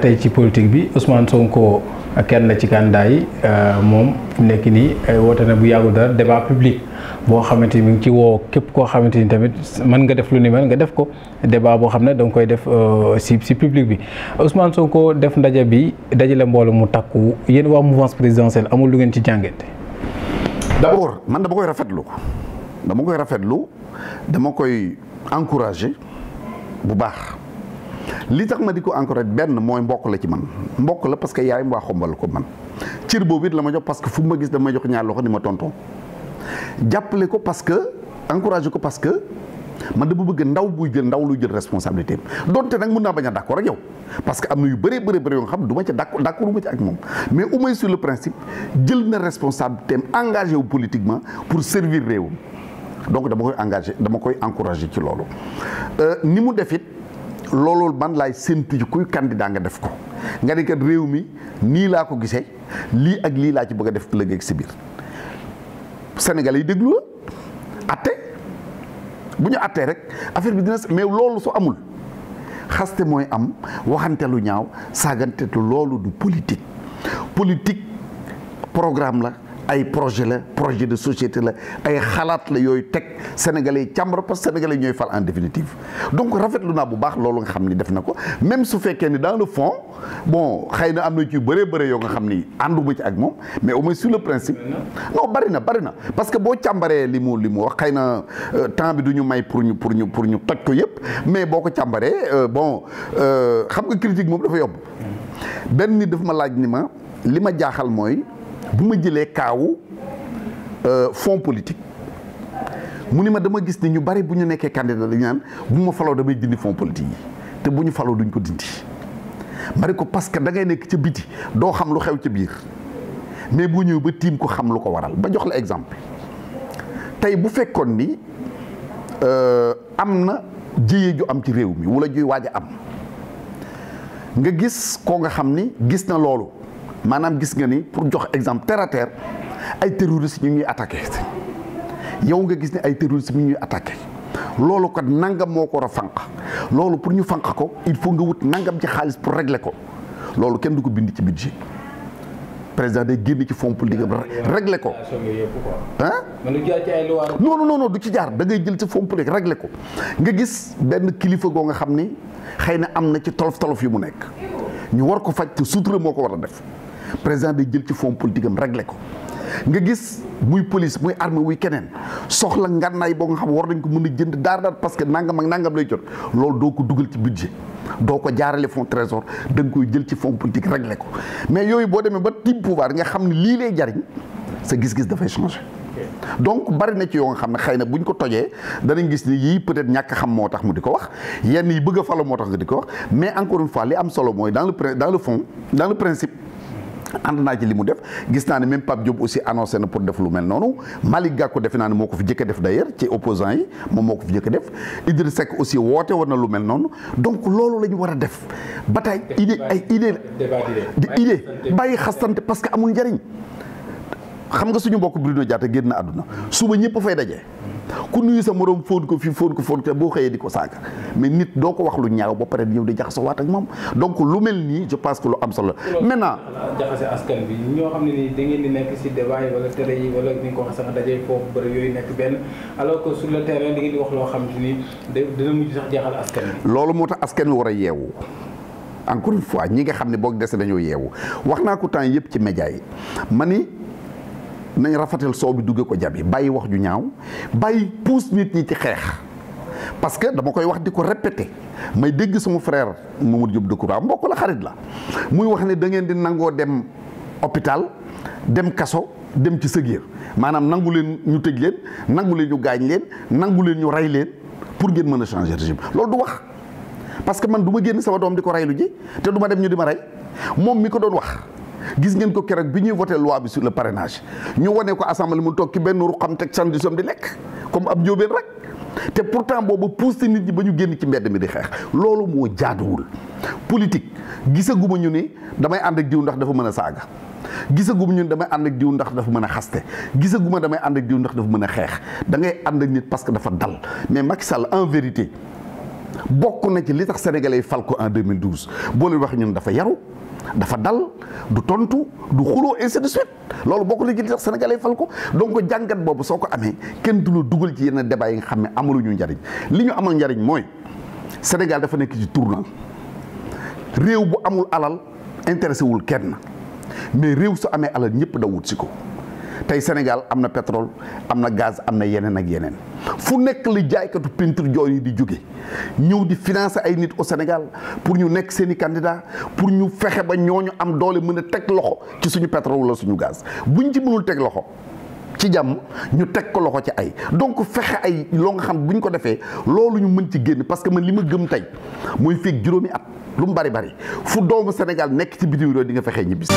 tey ci politique bi Ousmane Sonko kenn la ci candidat yi euh, moom fi nekk nii woote na bu yàggul dara débat public boo xamante ni mi ngi ci woo képp koo xamante ni tamit mën nga def lu ni mel nga def ko débat boo xam ne danga koy def euh, si si public bi Ousmane Sonko def ndaje bi dajale mbooloo mu takku yéen wax mouvance présidentielle amul lu ngeen ci jàngante. d'abord man dama koy rafetlu dama koy rafetlu dama koy encourager bu baax. li tax ma di ko encore benn mooy mbokk la ci man mbokk la parce que yaayam waa xombal ko man cër boobu it la ma jox parce que fu ma gis dama jox ñaar loxo ni ma tonton jàppale ko parce que encouragé ko parce que man dama bëgg ndaw buy jël ndaw luy jël responsabilité am donte nag mun naa bañ a d'accord ak yow parce que am na yu bëree bëri bëri yoo xam du ma ca d'accord d'accord ma ci ak moom mais au moins le principe jël na responsabilité am engagé wu politiquement pour servir réewam donc dama engagé dama koy encouragé ci loolu euh, ni mu def it loolul ban laay séntu ci kuy candidat nga def ko nga ne kat réew mi nii laa ko gisee lii ak lii laa ci bëgg a def ëllëg ak si biir Sénégal yi déglu la atte bu ñu attee rek affaire bi dina mais loolu su amul xaste mooy am waxante lu ñaaw saagante loolu du politique politique programme la ay projet la projet de société la ay xalaat la yooyu teg sénégalais yi càmbar parce que sénégalais ñooy fal en définitive donc rafetlu naa bu baax loolu nga xam ni def na ko même su fekkee ni dans le fond bon xëy na am na ci bëree bëri yoo nga xam ni ànduma ci ak moom mais au moins sur principe non bari na bari na parce que boo càmbaree li mu li mu wax xay na euh, temps bi du ñu may pour ñu pour ñu pour ñu toj ko yëpp mais boo ko càmbaree euh, bon euh, xam nga critique moom dafa yomb benn nit daf ma laaj ni ma li ma jaaxal mooy bu ma jëlee kaawu euh, fond politique mu ni ma dama gis ni ñu bari bu ñu nekkee candidat dañu ñaan bu ma faloo damay dindi fond politique yi te bu ñu faloo duñ ko dindi ma ne ko parce que da ngay nekk ca biti doo xam lu xew ca biir mais bu ñëw ba tiim ko xam lu ko waral ba jox la exemple tey bu fekkoon ni euh, am na jëye ju am ci réew mi wala juy waaj a am nga gis koo nga xam ni gis na loolu maanaam gis nga ni pour jox exemple terre à terre ay terroristes ñu ñuy attaqué yow nga gis ne ay terroristes ñu ñuy attaqué loolu kat nangam moo ko war a fànq loolu pour ñu fanq ko il faut nga wut nangam ci xaalis pour régler ko loolu kenn du ko bind ci budget président day génn ci fond politique am régler ko. ah. non non non du ci jaar da ngay jël ci fond politique régler ko nga gis benn kilifa goo nga xam ni xëy na am na ci tolof tolof yu mu nekk ñu war ko faj te sutura moo ko war a def. président di jël ci fonds politique am réglé ko nga gis muy police muy armée wuy keneen soxla ngànnaay boo nga xam war nañ ko mën a jënd daar daar parce que nangam ak nangam lay jot loolu doo ko dugal ci budget doo ko jaarale fonds trésor da nga koy jël ci fonds politique réglé ko mais yooyu boo demee ba tim pouvoir nga xam ne lii lay jariñ sa gis-gis dafay changé donc bari na ci yoo nga xam ne xëy na bu ñu ko tojee danañ gis ni yii peut-être ñàkk xam moo tax mu di ko wax yenn yi bëgg a moo tax di ko wax mais encore am solo mooy dans le dans le ànd naa ci li mu def gis naa ne même Pape Diop aussi annoncé na pour def lu mel noonu Malick Gakou defe naa ne moo ko fi jëkk a def d'ailleurs ci opposant yi moom moo ko fi jëkk a def Idriss Seck aussi woote war na lu mel noonu donc loolu la ñu war a def ba bataille idée ay idée di bàyyi xastante parce que amul njariñ xam nga suñu mbokk Bruno Diatta génn na àdduna suba ñëpp fay daje. ku nuyu sa moroom fóon ko fi fóon ko fóon ko boo xëyee di ko saaga mais nit doo ko wax lu ñaaw ba pare ñëw di jaxasoo waat ak moom donc lu mel nii je pense que lu am solo maintenant jaxase askan bi ñoo xam ne ni da ngeen di nekk si débat wax dajee foofu bëri yooyu nekk benn alors que sur le terrain da di wax loo xam te ni dina mujj sax jaaxal askan loolu moo tax askan wi war a yeewu encore fois ñi nga xam ne boog dese dañoo yeewu wax naa ko temps yëpp ci média yi nañ rafetal soow bi dugge ko jabi bàyyi wax ju ñaaw bàyyi puus nit ñi ci xeex parce que dama koy wax di ko répété may dégg sama frère Mamadou Diop Decroix mbokk la xarit la muy wax ne da ngeen di nangoo dem hôpital dem kaso dem ci sëgéer maanaam nangu leen ñu tëj leen nangu leen ñu gaañ leen nangu leen ñu rey leen pour ngeen mën a changer régime loolu du wax parce que man du ma génn sama doom di ko reylu ji te du ma dem ñu di ma rey moom mi ko doon wax gis ngeen ko keroog bi ñuy voté loi bi sur le parrainage ñu wane ko assemblée mu toog ki benn ruqam teg sandisam di lekk comme ab njóobeen rek te pourtant boobu poussé nit ñi ba ñu génn ci mbedd mi di xeex loolu moo jaaduwul politique gisaguma ñu ni damay ànd ak diw ndax dafa mën a saaga gisaguma ñu ne damay ànd ak diw ndax dafa mën a xaste gisaguma damay ànd ak diw ndax dafa mën a xeex dangay ànd ak nit parce que dafa dal mais Macky Sall en vérité bokk na ci li tax sénégalais fal ko en 2012 boo leen wax ñun dafa yaru dafa dal du tontu du xuloo ainsi de loolu bokk na ci li tax sénégalais fal ko donc jàngat boobu soo ko amee kenn du la dugal ci yenn débat yi nga xam ne amaluñu njariñ li ñu amal njariñ mooy Sénégal dafa nekk ci tournant réew bu amul alal intéressé wul kenn mais réew su amee alal ñëpp da wut si ko. tey Sénégal am na pétrole am na gaz am na yeneen ak yeneen fu nekk li jaaykatu peinture jooy yi di jóge ñëw di financer ay nit au Sénégal pour ñu nekk seen i candidat pour ñu fexe ba ñu am doole mën a teg loxo ci suñu pétrole la suñu gaz bu buñ ci mënul teg loxo ci jàmm ñu teg ko loxo ci ay donc fexe ay loo nga xam bu ñu ko defee loolu ñu mën ci génn parce que man li ma gëm tey mooy fii juróomi at lu mu bari bari fu doomu Sénégal nekk ci bitim réew di nga fexe ñibbisi